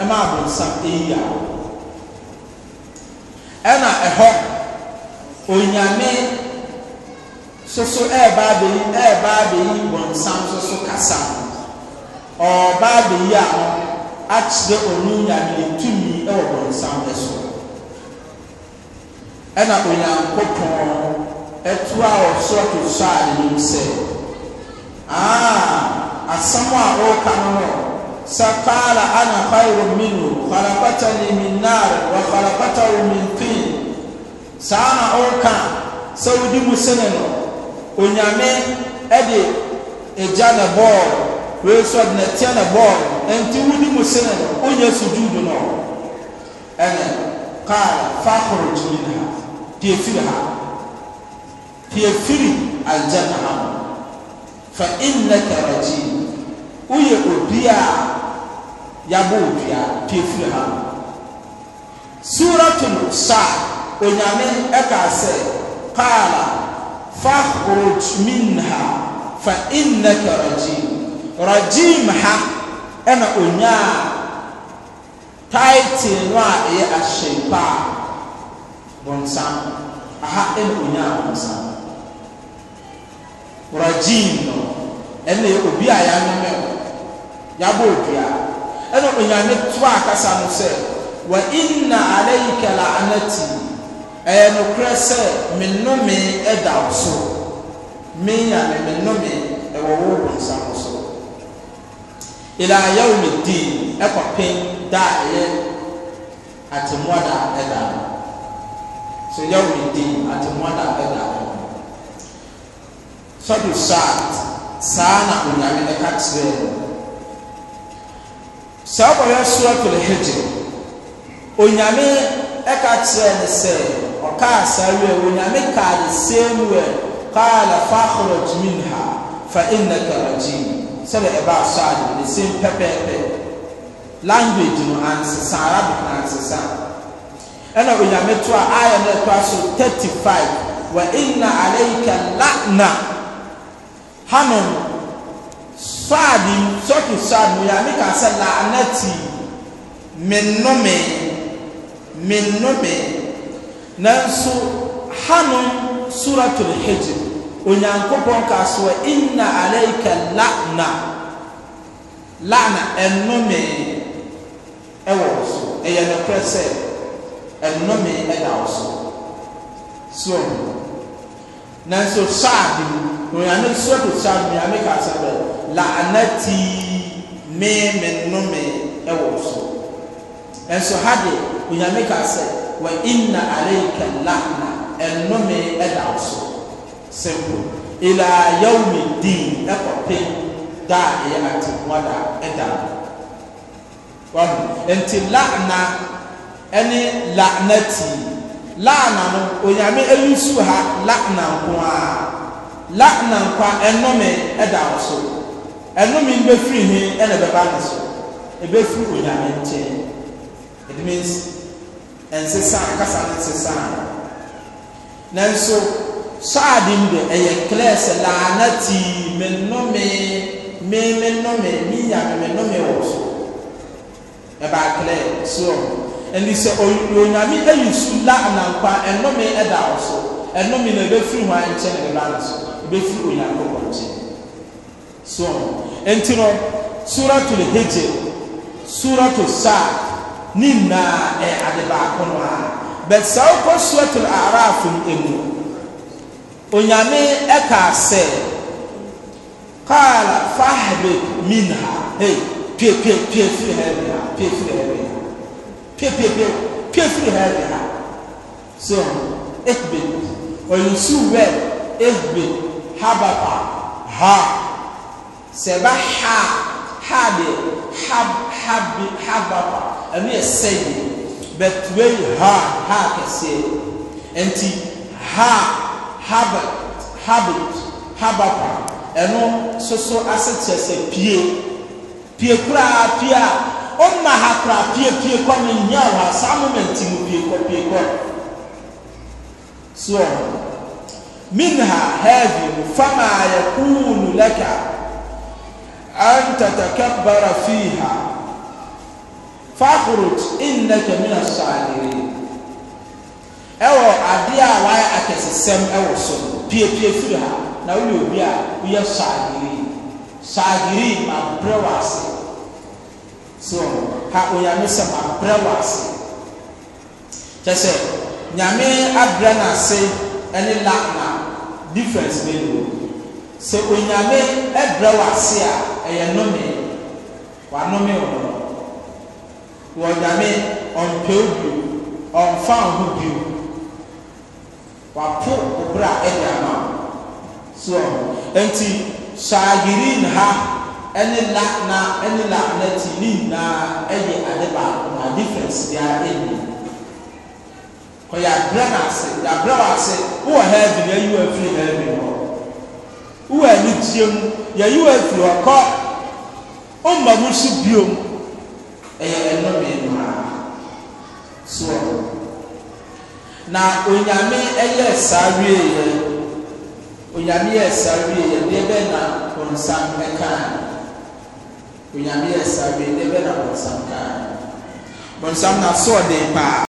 ɛma abonsa ɛyi ɛna ɛhɔ onyame soso ɛɛba abɛyi ɛɛba abɛyi bonsam soso kasa ɔɔba abɛyi a akyerɛ ɔno nyame tumi ɛwɔ bonsam ɛso ɛna onyankopɔn ɛto a ɔso ɔtosɔ a anim sɛ aa asɛm a ɔreka no no. سقال أنا خير منه خلقتني من نار وخلقته من طين سانا أوكا سودي مسنن onyame ɛde egya na bɔɔl wei nso ɛde na tia na bɔɔl nti wudi mu sene no onye sujudu no ɛnɛ kaa fakoro gyina ha pie firi ha pie firi agya na ha fa inna karaji woyɛ obi a yabɔ odua pie firi ha suratul sa onyame ɛka sɛ kaala fahrut minha fa innaka rajim rajim ha ɛna onyaa title no a ɛyɛ ahyɛn paa bɔnsam aha ɛna onyaa bɔnsam rajim no ɛna obi a yɛanome yabɔ odua ɛna onyame to akasa no sɛ wa inna alaika la'anati ɛyɛ nokorɛ sɛ me nnome ɛda wo so me nyame me nnome ɛwɔ wo bɔnsa no so ila yawmi din ɛkɔpen da a ɛyɛ atemmuada ɛda no so yawmi din atemmuada ɛda no sɔdu saat saa na onyame ɛka kyerɛ no saa kɔhwɛ suratul hijr onyame ɛka kyerɛ ne sɛ ɔkaa saa wɛ onyame kaa the same wɛ qaala fakhraj minha fa innaka rajim sɛbɛ ɛbaa so ade the same pɛpɛɛpɛ language no ansesa arabic no ansesa ɛna onyame to a ayɛ no ɛtoa so 35 wa inna alayka la'na hanom sọadị sɔki saad mu yaame ka sɛ laanati menome menome nanso hanom suratul hijr onyankopɔn ka so a inna alaika la'na la'na ɛnome ɛwɔ wo so ɛyɛ nokorɛ sɛ enome ɛda wo so so nanso saad mu onyame sɔto kyam nyame kasa bɛ laanati mɛmɛ nnome ɛwɔ e so ɛnso ha de onyame kasa wa inna aleika laana ɛnnome ɛda e so simple ila yawmi din ɛkɔpe e da a ɛyɛ atemwada ɛda wɔn nti laana ɛne laanati laana no onyame ɛyi su ha laana nko ara la'na nkwa ɛnome ɛda wo so ɛnome no bɛfiri he ɛna ɛbɛba ne so ɛbɛfiri onyame nkyɛn it means ɛnsesa kasa no nsesa nanso sɔadim de ɛyɛ clear sɛ laanati me nnome me me nnome me yame me nnome wɔ so ɛbaa clear soɔ ɛni sɛ onyame ayi su la'na nkwa ɛnome ɛda wo so ɛnome na ɛbɛfiri hɔ nkyɛn ɛbɛba ne so bɛfiri onyankopɔn nkyɛn so ɛnti no suratul hijr suratul saa ne nyinaa ɛyɛ ade baako no a but saa wokɔ suratul araf mu onyame ɛkaa sɛ kaala fahbib minha hey pie pie pie firi ha bi ha pie firi ha bi ha pie pie pie pie firi ha bi ha so ehbe ɔyɛ nsu wɛ ehbe habata ha sɛ ɛba ha ha de hab habi habata ɛno yɛ e sɛyi bɛtue yi ha ha kɛseɛ nti ha habat habit habata ɛno soso asekyerɛ sɛ pie pie koraa pie a ɔmma ha koraa pie pie kɔ no nyia ha saa moment mu pie kɔ pie kɔ soɔ. منها هذه فما يكون لك أن تتكبر فيها فاخرج إنك من الصاغرين ɛwɔ adeɛ a wayɛ akɛsesɛm ɛwɔ so piepie firi ha na woyɛ obi a woyɛ saagiri saagiri ma brɛ wɔ ase so ha onyame sɛ ma wɔ ase kyɛ sɛ nyame abrɛ n'ase ɛne la na difference mɛnu sɛ onyame ɛbrɛ w'ase a ɛyɛ nnome w'anome wɔ no wɔnyame ɔmpɛw bio ɔmfa ho bio wapo obra ɛde ama so nti saagirin ha ɛne la na ɛne la na ti ne nyinaa ɛyɛ ade baako na difference biara ɛnyɛ kɔ yɛ abira n'ase yɛ abira w'ase wowɔ hɛɛbi yɛ yi wɔ efiri hɛɛbi hɔ wowɔ anigyeɛ mu yɛ yi wɔ efiri hɔ kɔ ɔmma mu so bio mu ɛyɛ ɛnome nyinaa soɔ na onyame ɛyɛ saa wie yɛ onyame yɛ saa wie yɛ deɛ bɛ na wɔnsam ɛkaa onyame yɛ saa wie deɛ bɛ na wɔnsam kaa wɔnsam na soɔ den paa.